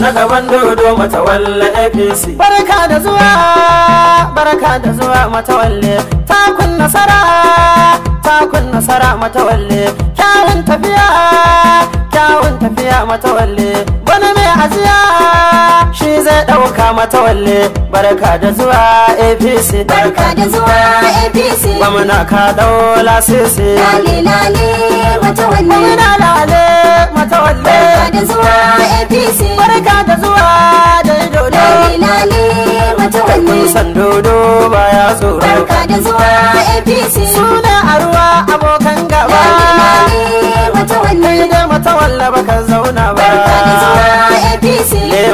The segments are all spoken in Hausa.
na gaban dodo matawalle apc barka da zuwa barka da zuwa matawalle takun nasara takun nasara matawalle kyawun tafiya kyawun tafiya matawalle bana mai aziya shi zai dauka matawalle barka da zuwa apc barka da zuwa apc gwamna ka daula sisi Lali-lali matawalle san dodo baya tsoro. Barka da zuwa APC. Suna a ruwa abokan gaba. Kai da walla baka zauna ba. Barka da zuwa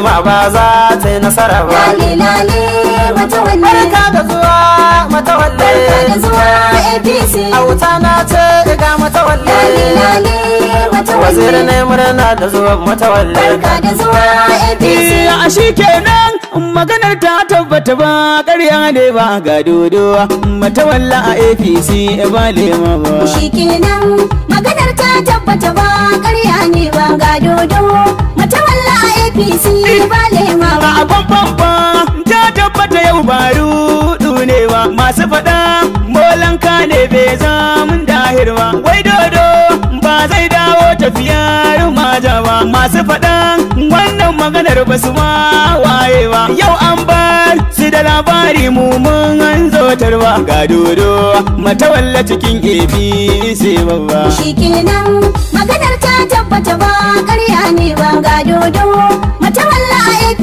ba ba za ta yi nasara ba. Lale lale matawalle. Barka da zuwa matawalle. Barka da zuwa APC. A wuta na ce ga matawalle. Lale lale matawalle. Waziri ne murna da zuwa matawalle. Barka da zuwa APC. A shi kenan maganar ta tabbata ba ƙarya ne ba ga dodowa matawalla a APC ba lema ba. Shi kenan maganar ta tabbata ba ƙarya ne ba ga dodowa. APC balema ba abun babba ta tabbata yau ba rudu ne ba masu faɗa bolanka ne bai zamun dahir ba wai dodo ba zai dawo tafiya rumaja ba masu faɗa wannan maganar ba su ma waye ba yau an bar su da labari mu mun an zotar ga dodo matawalla cikin APC babba shikenan maganar ta tabbata ba ƙarya ne ba ga dodo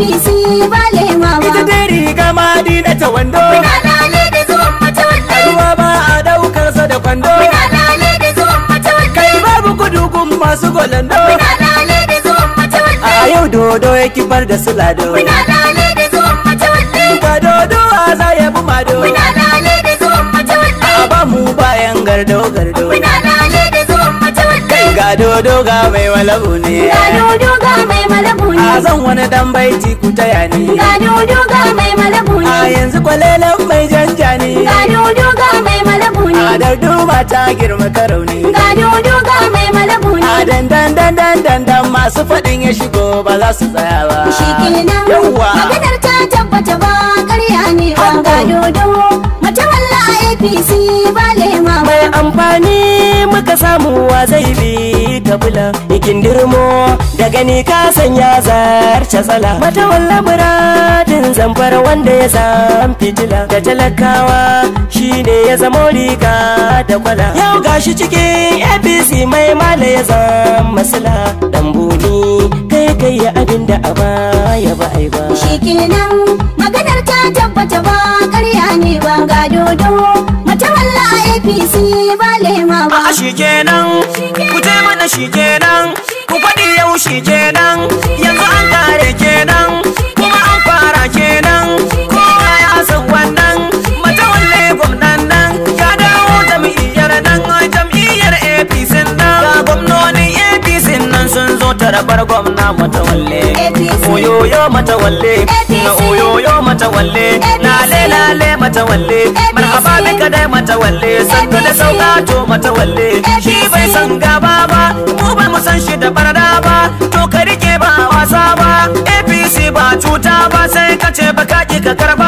APC bale ma ba. Ita dai riga ma madina ta wando. Muna lale da zuwan mata wallahi. Ruwa ba a daukar sa da kwando. Muna lale da zuwan mata wallahi. Kai babu gudugun masu golando. Muna lale da zuwan mata wallahi. A yau dodo ya kifar da sulado. Muna lale da zuwan mata wallahi. Ba dodo a za ya bi mado. Muna lale da zuwan mata wallahi. A ba mu bayan gardo gardo. Muna lale da zuwan mata wallahi. Kai ga dodo ga mai malabu ne. Ga dodo ga mai malabu. zan wani dan baiti ku taya ni. Ga dudu ga mai malabuni. A yanzu kwalelan mai janja ni. Ga dudu ga mai malabuni. A darduma ta girma karauni. Ga dudu ga mai malabuni. A dandan dandan dandan masu fadin ya shigo ba za su tsaya ba. Shi kenan. Yawwa. Maganar ta tabbata ba ƙarya ne ba. Ga dudu. Mace walla a APC ba lema. Mai amfani muka samu wa zai bi. ta ikin dirmo da gani ka sanya zarce tsala mata walla muradin zamfara wanda ya san fitila da talakawa shine ya zama riga da kwala yau gashi cikin apc mai mala ya zama masala dan buni kai kai ya abin da a baya ba ai ba shikenan maganar ta tabbata ba karya ne ba ga dodo mata walla apc ba shikenan ku je mana shikenan ku faɗi yau shikenan yanzu an kare kenan kuma an fara kenan kowa ya san wannan matawalle gwamnan nan ya dawo jam'iyyar nan jam'iyyar apc nan ga gwamnonin apc nan sun zo tarabar gwamna matawalle oyoyo matawalle na oyoyo matawalle lale lale matawalle marhaba bika dai matawalle santo da sauka to mata walle shi bai san gaba ba mu ba mu san shi da barada ba to ka rike ba wasa ba apc ba cuta ba sai ka ce baka ki ka karba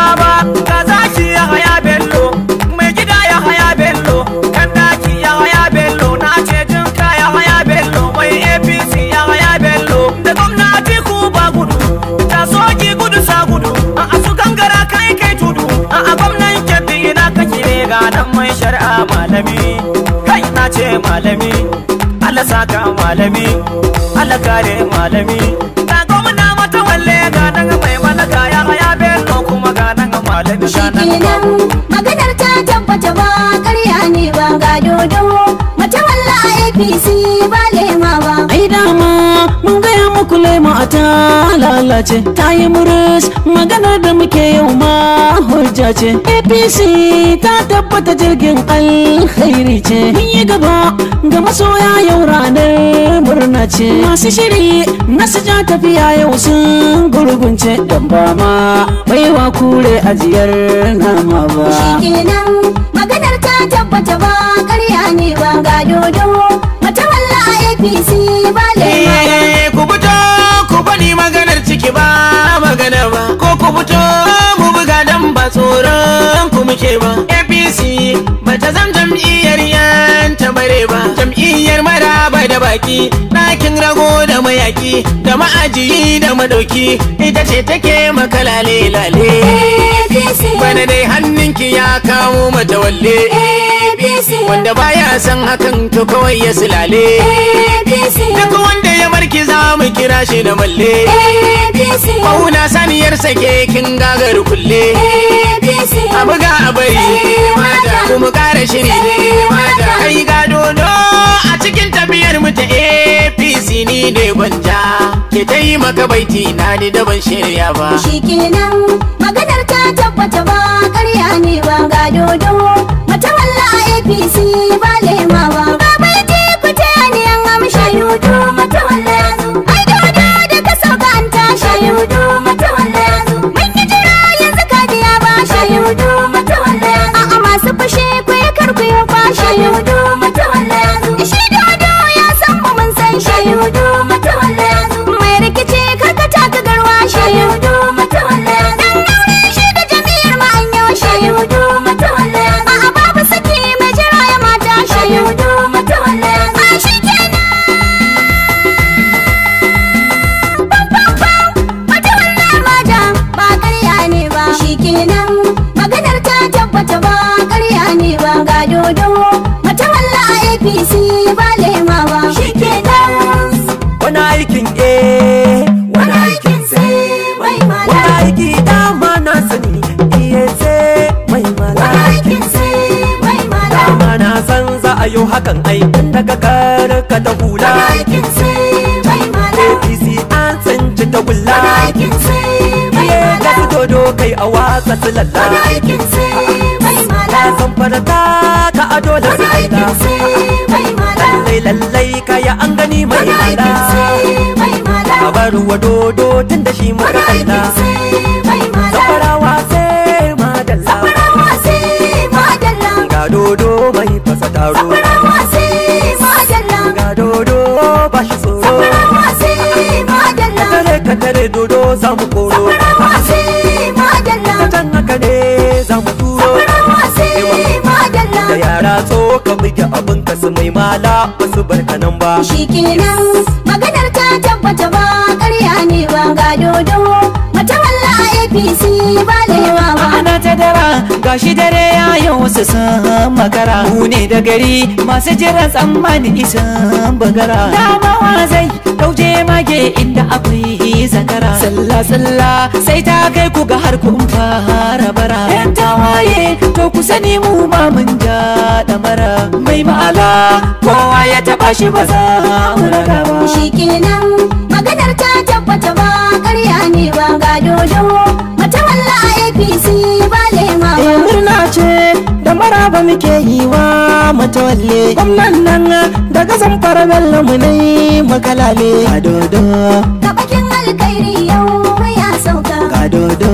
malami Allah saka malami Allah kare malami goma gwamna mata walle ga nan mai malaka ya haya be ko kuma ga nan malami shanan maganar ta tabbata ba karya ne ba ga dodo mata walla APC mata lalace ta yi murus maganar da muke yau ma hujja ce apc ta tabbata jirgin alkhairi ce mun yi gaba ga masoya yau ranar murna ce masu shiri na su ja tafiya yau sun gurgunce don ba ma baiwa kure ajiyar nama ba maganar ta tabbata ba karya ne ba ga dodo mata walla apc ba muke ba apc bata zan jam'iyyar yan tabare ba jam'iyyar maraba da baki ɗakin rago da mayaki da ma'ajiyi da madauki ita ce take maka lale lale bana dai hannunki ya kawo mata walle wanda baya san hakan to kawai ya silale duk wanda kira shi da malle mauna saniyar sake kin gagar kulle a buga a bari eh, kuma kara shiri eh, ai gado dodo a cikin tafiyar mu ta apc ni ne banja ke maka baiti na ni da ban shirya ba shikenan maganar ta tabbata ba karya ne ba ga dodo mata walla apc yo hakan ai daga kare ka ta hula aikin APC an tsinci ta dodo kai a watsa su lalla aikin sai mai san ka a dole su aikin sai mai mala lallai lallai kaya an gani mai mala aikin sai mai mala a bar wa dodo wahala ba su barkanan ba shi maganar ta tabbata ba ƙarya ne ba ga dodo mata walla a apc ba lewa ba ana ta dara gashi dare ya yi wasu sun makara mu ne da gari masu jiran tsammani isan bagara dama wa zai dauje mage inda akwai zakara sallah sallah sai ta kai ku ga har kun fara bara yan tawaye to ku sani mu ma mun da mara. mai ma'ala kashi ba za mu raga ba shi kenan maganar ta tabbata ba karya ne ba ga dodo mata walla a apc ba lema ba eh, murna ce da maraba muke yi wa matawalle gwamnan nan daga zamfara bello mu ne makalale ga dodo ka bakin alkairi yau ya sauka ga dodo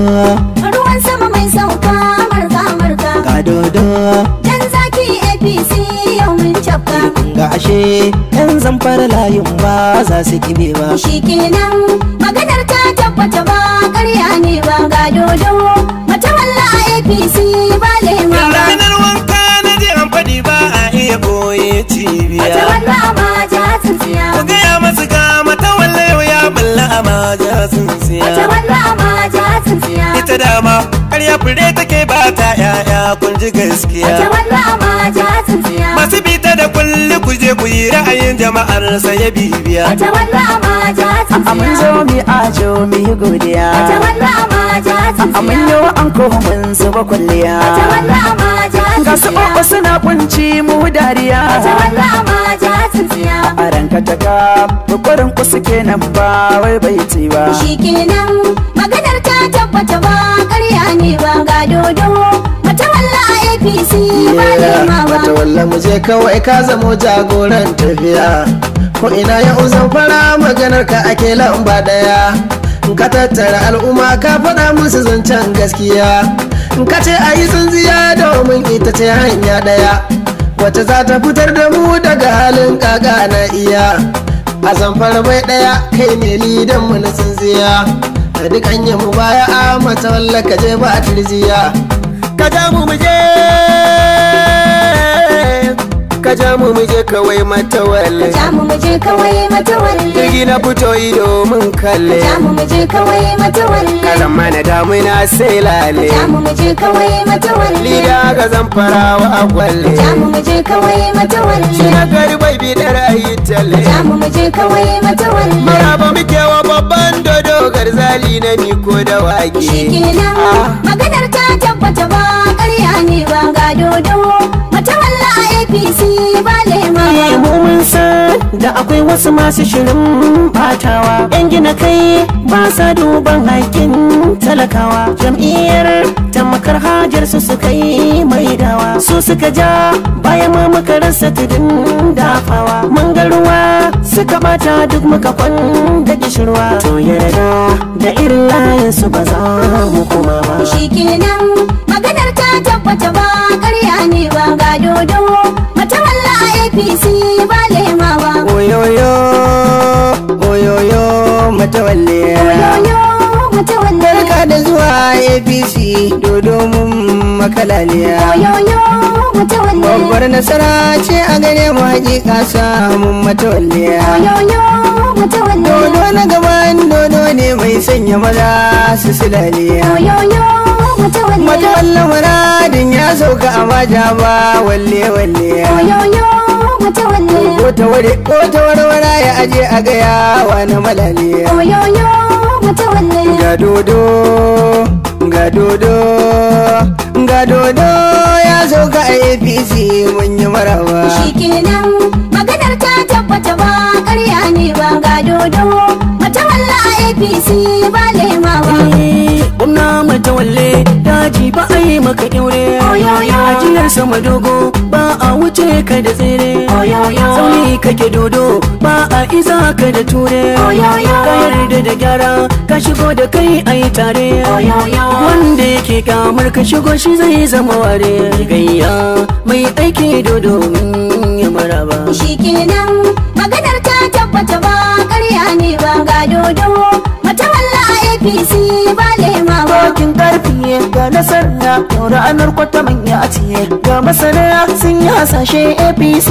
kashe yan zamfara layin ba za su kibe ba shi kenan maganar ta tabbata ba karya ne ba ga dodo mata walla apc ba lema ba ranar wanka na je an faɗi ba a iya koye cibiya mata walla ba ja tsintsiya ku gaya masu ga mata walla yau ya balla ma ja tsintsiya mata walla ma ja tsintsiya ita dama karya fure take ba ta 'ya'ya kun ji gaskiya mata walla ma ja tsintsiya cikin jama'ar sa ya bibiya a tawalla ma ja tsinsiya mun zo mi ajo mi yi godiya a tawalla ma ja tsinsiya mun yo an ko mun zuba kulliya a tawalla ma ja tsinsiya ga su suna kunci mu dariya a tawalla ma ja tsinsiya a ranka ta ka bukurin ku suke nan ba wai bai ci ba kenan maganar ta tabbata ba ƙarya ne ba ga dodo apc ba wata walla mu je kawai ka zamo jagoran tafiya ko ina ya zan fara maganar ka ake lamba daya ka tattara al'umma ka faɗa musu zancen gaskiya ka ce a yi tsinziya domin ita ce hanya daya wata za ta fitar da mu daga halin kaka na iya a zamfar bai daya kai ne lidan mu na tsinziya. a duk an mu baya a mata wallaka je ba a turjiya ka ja mu muje ka ja mu je kawai matawalle ka ja mu je kawai matawalle jirgi na fito ido mun kalle ka ja mu je kawai matawalle kalan mana na sai lale ka ja mu je kawai matawalle lida ga farawa a agwalle ka ja mu je kawai matawalle shi na gari bai bi da rayi talle ka ja mu je kawai matawalle maraba muke wa babban dodo garzali na ko da wake shi kenan ah. maganar ta APC ba lema. mu mun san da akwai wasu masu shirin batawa. Yan gina kai ba sa duban haƙƙin talakawa. Jam'iyyar tamakar hajar su suka yi dawa. Su suka ja bayan ma muka rasa tudun dafawa. Mangaruwa suka bata duk muka kwan da gishirwa. To yarda da irin layin su ba za mu kuma ba. Shi nan, maganar ta tabbata ba karya ne ba ga APC ba lemawa. Oyoyo, oyoyo matawalle. Oyoyo matawalle. Barka da zuwa APC dodo mun makalaliya. Oyoyo matawalle. Babbar nasara ce a gare mu hakika samun matawalle. Oyoyo matawalle. Dodo na gaban dodo ne mai sanya maza su silale. Oyoyo matawalle. Matawalle muradin ya sauka a maja ba walle walle. Oyoyo Wata ware wata warwara ya aje a gaya wa na malaliya. Oyoyo wata wanne. Ga dodo ga dodo ga dodo ya zo ga APC mun yi maraba. Shikenan maganar ta tabbata ba ƙarya ne ba ga dodo mata walla a APC ba lema ba. Eh, gwamna mata walle daji ba a yi maka ɗaure. Oyoyo. A jinar sama dogo ba a wuce ka da tsauni kake dodo ba a isa ka da ture ka yarda da gyara ka shigo da kai a yi tare wanda yake kamar ka shigo shi zai zama ware gayya mai aiki dodo mm, ya maraba shi kenan maganar ta tabbata ba karya ne ba ga dodo mata a APC ba dokin karfi ga nasarna yau ranar kwata manya a ciye ga masana sun yi hasashe apc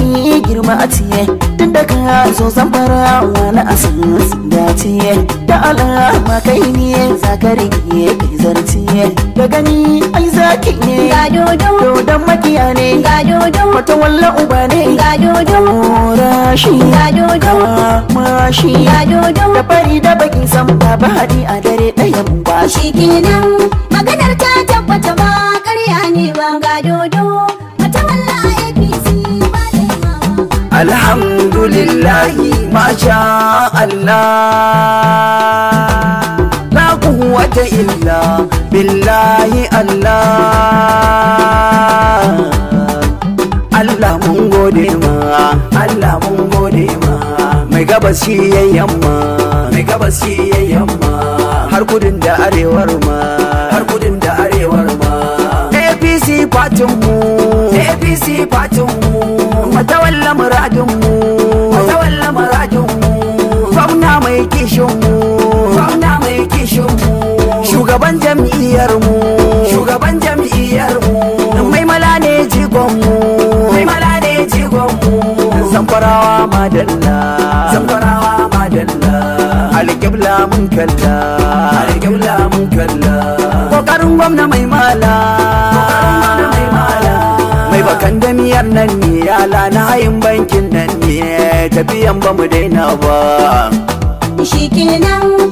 girma a ciye tun da ka zo zambara wani asin da ciye da alama kai ne zakari ke zarciye da gani ai zaki ne ga dodo dodon makiya ne ga dodo wata walla uba ne ga dodo rashi ga dodo mashi ga da fari da baki sam ta ba hadi a dare daya mun ba shi kenan maganar ta tabbata ba ƙarya ne ba ga dodo wata walla APC ba da ma sha Allah quwwata illa billahi Allah Allah mun gode ma Allah mun gode ma mai gabas shi yamma mai gabas shi yamma har kudin da arewar ma har kudin da arewar ma APC fatin mu APC fatin mu matawalla muradin mu madalla zamfarawa madalla alƙibla mun kalla alƙibla mun kalla kokarin gwamna mai mala mai bakan damiyar nan ne yala na hayin bankin nan ne tafiyan ba mu daina ba shi kenan